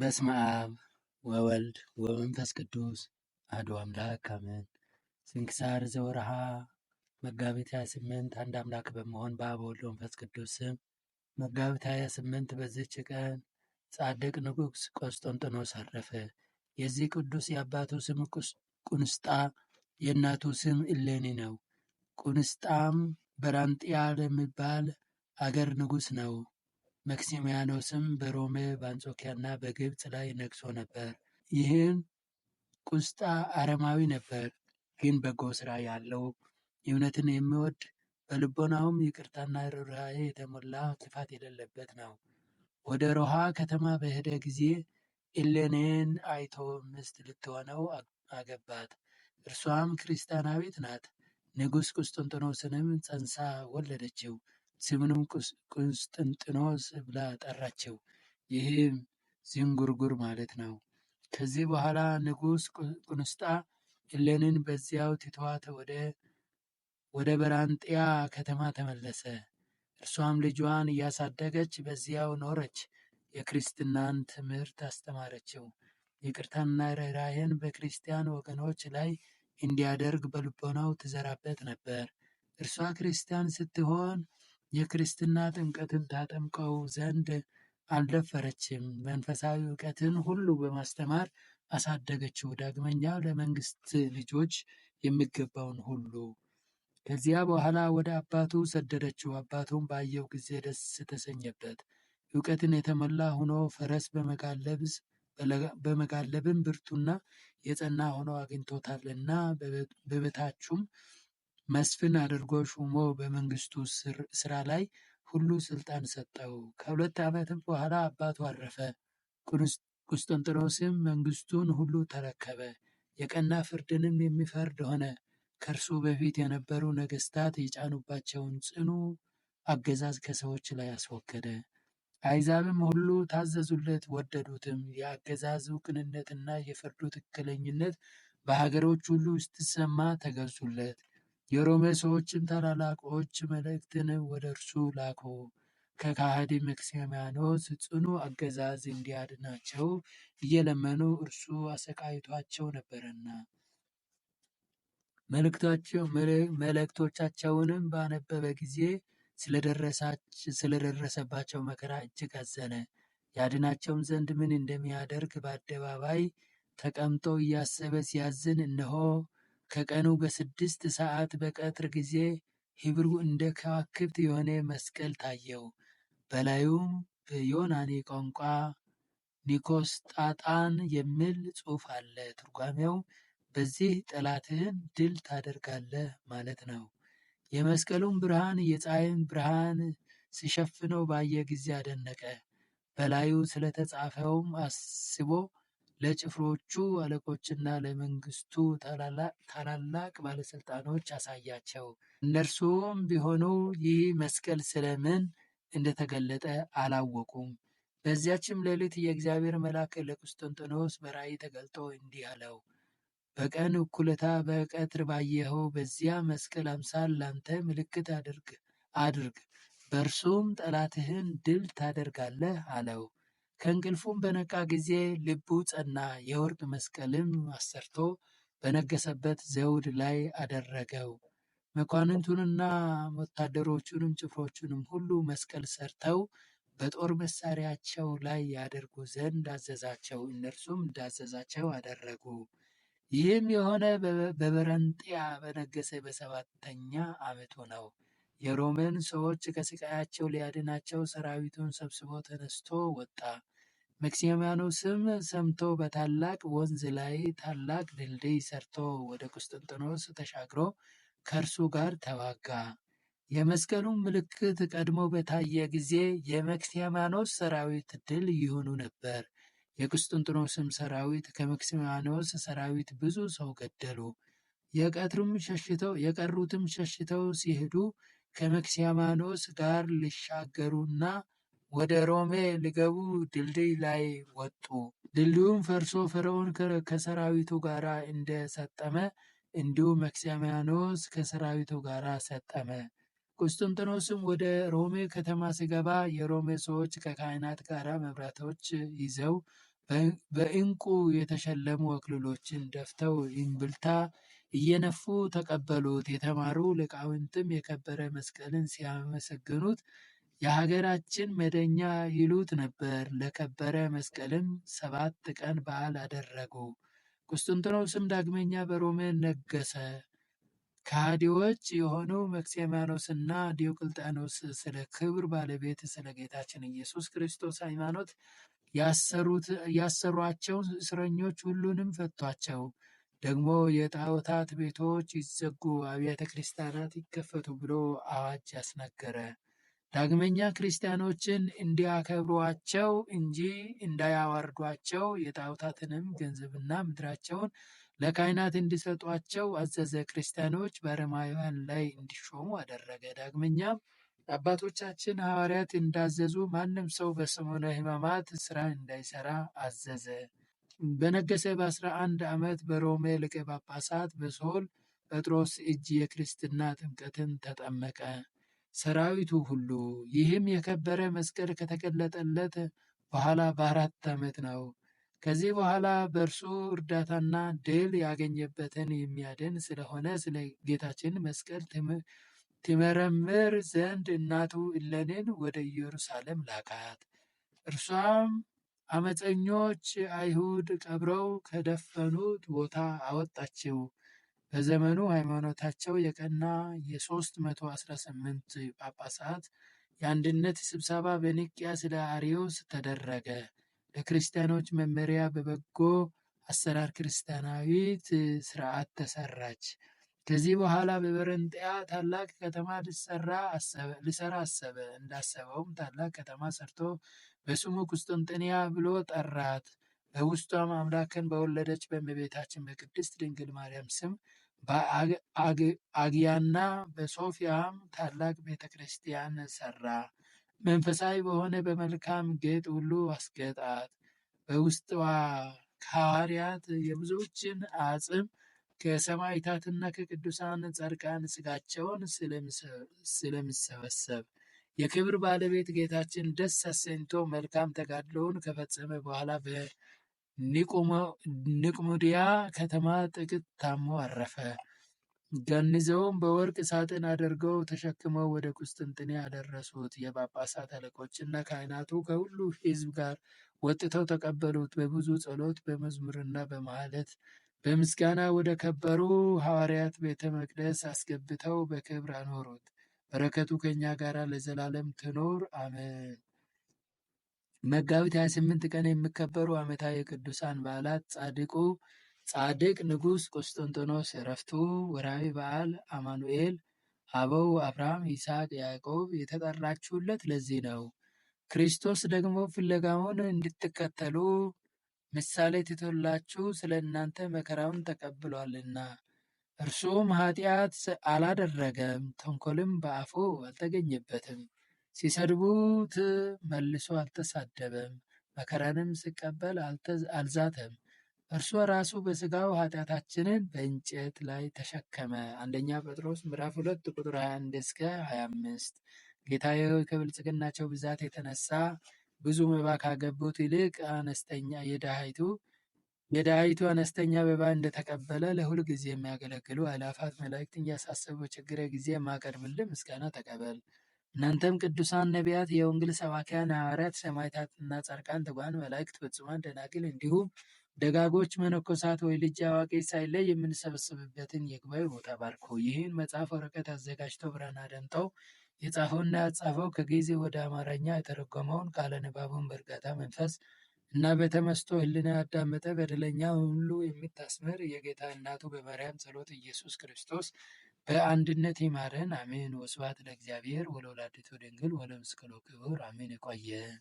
በስመ አብ ወወልድ ወመንፈስ ቅዱስ አሐዱ አምላክ አሜን። ስንክሳር ዘወርሃ መጋቢት 28 አንድ አምላክ በመሆን በአብ ወልድ ወመንፈስ ቅዱስ ስም መጋቢት 28 በዚች ቀን ጻድቅ ንጉሥ ቆስጠንጥኖስ አረፈ። የዚህ ቅዱስ የአባቱ ስም ቁንስጣ የእናቱ ስም እሌኒ ነው። ቁንስጣም በራንጥያ ለሚባል አገር ንጉሥ ነው። መክሲሚያኖስም በሮሜ በአንጾኪያና በግብፅ ላይ ነግሶ ነበር። ይህን ቁስጣ አረማዊ ነበር፣ ግን በጎ ስራ ያለው እውነትን የሚወድ በልቦናውም ይቅርታና ርኅራኄ የተሞላ ክፋት የሌለበት ነው። ወደ ሮሃ ከተማ በሄደ ጊዜ ኢሌኔን አይቶ ሚስት ልትሆነው አገባት። እርሷም ክርስቲያናዊት ናት። ንጉሥ ቁስጥንጥኖስንም ጸንሳ ወለደችው። ስምንም ቁስጥንጥኖስ ብላ ጠራቸው። ይህም ዝንጉርጉር ማለት ነው። ከዚህ በኋላ ንጉስ ቁንስጣ እሌኒን በዚያው ትቶአት ወደ በራንጥያ ከተማ ተመለሰ። እርሷም ልጇን እያሳደገች በዚያው ኖረች። የክርስትናን ትምህርት አስተማረችው። ይቅርታና ርኅራኄን በክርስቲያን ወገኖች ላይ እንዲያደርግ በልቦናው ትዘራበት ነበር። እርሷ ክርስቲያን ስትሆን የክርስትና ጥምቀትን ታጠምቀው ዘንድ አልደፈረችም። መንፈሳዊ እውቀትን ሁሉ በማስተማር አሳደገችው። ዳግመኛ ለመንግስት ልጆች የሚገባውን ሁሉ ከዚያ በኋላ ወደ አባቱ ሰደደችው። አባቱም ባየው ጊዜ ደስ ተሰኘበት። እውቀትን የተሞላ ሆኖ ፈረስ በመጋለብም ብርቱና የጸና ሆኖ አግኝቶታልና በበታቹም መስፍን አድርጎ ሹሞ በመንግስቱ ሥራ ላይ ሁሉ ስልጣን ሰጠው። ከሁለት ዓመትም በኋላ አባቱ አረፈ። ቁስጠንጥሮስም መንግስቱን ሁሉ ተረከበ። የቀና ፍርድንም የሚፈርድ ሆነ። ከእርሱ በፊት የነበሩ ነገስታት የጫኑባቸውን ጽኑ አገዛዝ ከሰዎች ላይ አስወገደ። አይዛብም ሁሉ ታዘዙለት፣ ወደዱትም። የአገዛዙ ቅንነትና የፍርዱ ትክክለኝነት በሀገሮች ሁሉ ስትሰማ ተገልጹለት። የሮሜ ሰዎችም ታላላቆች መልእክትን ወደ እርሱ ላኩ፣ ከካህዲ መክሲማኖስ ጽኑ አገዛዝ እንዲያድናቸው እየለመኑ እርሱ አሰቃይቷቸው ነበረና። መልእክቶቻቸውንም ባነበበ ጊዜ ስለደረሰባቸው መከራ እጅግ አዘነ። ያድናቸውም ዘንድ ምን እንደሚያደርግ በአደባባይ ተቀምጦ እያሰበ ሲያዝን እነሆ ከቀኑ በስድስት ሰዓት በቀትር ጊዜ ሂብሩ እንደ ከዋክብት የሆነ መስቀል ታየው። በላዩም በዮናኒ ቋንቋ ኒኮስጣጣን የሚል ጽሑፍ አለ። ትርጓሜው በዚህ ጠላትህን ድል ታደርጋለህ ማለት ነው። የመስቀሉን ብርሃን የፀሐይን ብርሃን ሲሸፍነው ባየ ጊዜ አደነቀ። በላዩ ስለተጻፈውም አስቦ ለጭፍሮቹ አለቆችና ለመንግስቱ ታላላቅ ባለስልጣኖች አሳያቸው። እነርሱም ቢሆኑ ይህ መስቀል ስለምን እንደተገለጠ አላወቁም። በዚያችም ሌሊት የእግዚአብሔር መልአክ ለቆስጠንጢኖስ በራእይ ተገልጦ እንዲህ አለው፣ በቀን እኩለታ በቀትር ባየኸው በዚያ መስቀል አምሳል ላንተ ምልክት አድርግ፣ በእርሱም ጠላትህን ድል ታደርጋለህ አለው። ከእንቅልፉም በነቃ ጊዜ ልቡ ጸና። የወርቅ መስቀልም አሰርቶ በነገሰበት ዘውድ ላይ አደረገው። መኳንንቱንና ወታደሮቹንም ጭፍሮቹንም ሁሉ መስቀል ሰርተው በጦር መሳሪያቸው ላይ ያደርጉ ዘንድ አዘዛቸው። እነርሱም እንዳዘዛቸው አደረጉ። ይህም የሆነ በበረንጥያ በነገሰ በሰባተኛ ዓመቱ ነው። የሮሜን ሰዎች ከስቃያቸው ሊያድናቸው ሰራዊቱን ሰብስቦ ተነስቶ ወጣ። ስም ሰምቶ በታላቅ ወንዝ ላይ ታላቅ ድልድይ ሰርቶ ወደ ቁስጥንጥኖስ ተሻግሮ ከእርሱ ጋር ተዋጋ። የመስቀሉ ምልክት ቀድሞ በታየ ጊዜ የመክሲሚያኖስ ሰራዊት ድል ይሆኑ ነበር። የቁስጥንጥኖስም ሰራዊት ከመክሲሚያኖስ ሰራዊት ብዙ ሰው ገደሉ። የቀሩትም ሸሽተው የቀሩትም ሸሽተው ሲሄዱ ከመክሲሚያኖስ ጋር ሊሻገሩና ወደ ሮሜ ሊገቡ ድልድይ ላይ ወጡ። ድልድዩም ፈርሶ ፈርዖን ከሰራዊቱ ጋር እንደሰጠመ እንዲሁ መክሲምያኖስ ከሰራዊቱ ጋር ሰጠመ። ቁስጥንጥኖስም ወደ ሮሜ ከተማ ሲገባ የሮሜ ሰዎች ከካህናት ጋር መብራቶች ይዘው በእንቁ የተሸለሙ አክሊሎችን ደፍተው እምብልታ እየነፉ ተቀበሉት። የተማሩ ሊቃውንትም የከበረ መስቀልን ሲያመሰግኑት የሀገራችን መደኛ ይሉት ነበር። ለከበረ መስቀልም ሰባት ቀን በዓል አደረጉ። ቁስጥንጥኖስም ዳግመኛ በሮሜ ነገሰ። ከሃዲዎች የሆኑ መክሴማኖስና ዲዮቅልጣኖስ ስለ ክብር ባለቤት ስለ ጌታችን ኢየሱስ ክርስቶስ ሃይማኖት ያሰሯቸው እስረኞች ሁሉንም ፈቷቸው። ደግሞ የጣዖታት ቤቶች ይዘጉ፣ አብያተ ክርስቲያናት ይከፈቱ ብሎ አዋጅ አስነገረ። ዳግመኛ ክርስቲያኖችን እንዲያከብሯቸው እንጂ እንዳያዋርዷቸው የጣዖታትንም ገንዘብና ምድራቸውን ለካህናት እንዲሰጧቸው አዘዘ። ክርስቲያኖች በአረማውያን ላይ እንዲሾሙ አደረገ። ዳግመኛም አባቶቻችን ሐዋርያት እንዳዘዙ ማንም ሰው በሰሙነ ሕማማት ስራ እንዳይሰራ አዘዘ። በነገሰ በአስራ አንድ ዓመት በሮሜ ሊቀ ጳጳሳት በሶል ጴጥሮስ እጅ የክርስትና ጥምቀትን ተጠመቀ። ሰራዊቱ ሁሉ! ይህም የከበረ መስቀል ከተገለጠለት በኋላ በአራት ዓመት ነው። ከዚህ በኋላ በእርሱ እርዳታና ድል ያገኘበትን የሚያድን ስለሆነ ስለ ጌታችን መስቀል ትመረምር ዘንድ እናቱ እለኔን ወደ ኢየሩሳሌም ላካት። እርሷም አመፀኞች አይሁድ ቀብረው ከደፈኑት ቦታ አወጣችው። በዘመኑ ሃይማኖታቸው የቀና የ318 ጳጳሳት የአንድነት ስብሰባ በኒቅያ ስለ አሪዮስ ተደረገ። ለክርስቲያኖች መመሪያ በበጎ አሰራር ክርስቲያናዊት ስርዓት ተሰራች ከዚህ በኋላ በበረንጥያ ታላቅ ከተማ ልሰራ አሰበ። እንዳሰበውም ታላቅ ከተማ ሰርቶ በስሙ ቁስጥንጥንያ ብሎ ጠራት። በውስጧም አምላክን በወለደች በእመቤታችን በቅድስት ድንግል ማርያም ስም በአግያና በሶፊያም ታላቅ ቤተ ክርስቲያን ሠራ። መንፈሳዊ በሆነ በመልካም ጌጥ ሁሉ አስጌጣት። በውስጥዋ ከሐዋርያት የብዙዎችን አጽም ከሰማዕታትና ከቅዱሳን ጻድቃን ስጋቸውን ስለሚሰበሰብ የክብር ባለቤት ጌታችን ደስ አሰኝቶ መልካም ተጋድሎውን ከፈጸመ በኋላ ኒቆዲያ ከተማ ጥቂት ታሞ አረፈ። ገንዘውን በወርቅ ሳጥን አድርገው ተሸክመው ወደ ቁስጥንጥንያ አደረሱት። የጳጳሳት አለቆችና ካህናቱ ከሁሉ ሕዝብ ጋር ወጥተው ተቀበሉት። በብዙ ጸሎት፣ በመዝሙርና በማኅሌት በምስጋና ወደ ከበሩ ሐዋርያት ቤተ መቅደስ አስገብተው በክብር አኖሩት። በረከቱ ከእኛ ጋር ለዘላለም ትኖር አሜን። መጋቢት 28 ቀን የሚከበሩ ዓመታዊ የቅዱሳን በዓላት ጻድቅ ንጉሥ ቆስጠንጢኖስ እረፍቱ ወርሃዊ በዓል አማኑኤል። አበው አብርሃም፣ ይስሐቅ፣ ያዕቆብ የተጠራችሁለት ለዚህ ነው። ክርስቶስ ደግሞ ፍለጋውን እንድትከተሉ ምሳሌ ትቶላችሁ ስለ እናንተ መከራውን ተቀብሏልና እርሱም ኃጢአት አላደረገም፣ ተንኮልም በአፉ አልተገኘበትም። ሲሰድቡት መልሶ አልተሳደበም፣ መከራንም ሲቀበል አልዛተም። እርሱ ራሱ በስጋው ኃጢአታችንን በእንጨት ላይ ተሸከመ። አንደኛ ጴጥሮስ ምዕራፍ 2 ቁጥር 21 እስከ 25። ጌታዬ ከብልጽግናቸው ብዛት የተነሳ ብዙ መባ ካገቡት ይልቅ አነስተኛ የድሃይቱ የድሃይቱ አነስተኛ መባ እንደተቀበለ ለሁል ጊዜ የሚያገለግሉ አእላፋት መላእክትን እያሳሰቡ ችግረ ጊዜ የማቀርብልህ ምስጋና ተቀበል። እናንተም ቅዱሳን ነቢያት፣ የወንጌል ሰባኪያን ሐዋርያት፣ ሰማዕታትና ጻድቃን፣ ትጉሃን መላእክት፣ ፍጹማን ደናግል እንዲሁም ደጋጎች መነኮሳት ወይ ልጅ አዋቂ ሳይለይ የምንሰበስብበትን የጉባኤ ቦታ ባርኩ። ይህን መጽሐፍ ወረቀት አዘጋጅቶ ብራና ደምጠው የጻፈውና ያጻፈው ከጊዜ ወደ አማርኛ የተረጎመውን ቃለ ንባቡን በእርጋታ መንፈስ እና በተመስጦ ሕሊና ያዳመጠ በደለኛ ሁሉ የምታስምር የጌታ እናቱ በማርያም ጸሎት ኢየሱስ ክርስቶስ በአንድነት ይማረን አሜን ወስብሐት ለእግዚአብሔር ወለወላዲቱ ድንግል ወለመስቀሉ ክቡር አሜን ይቆየን።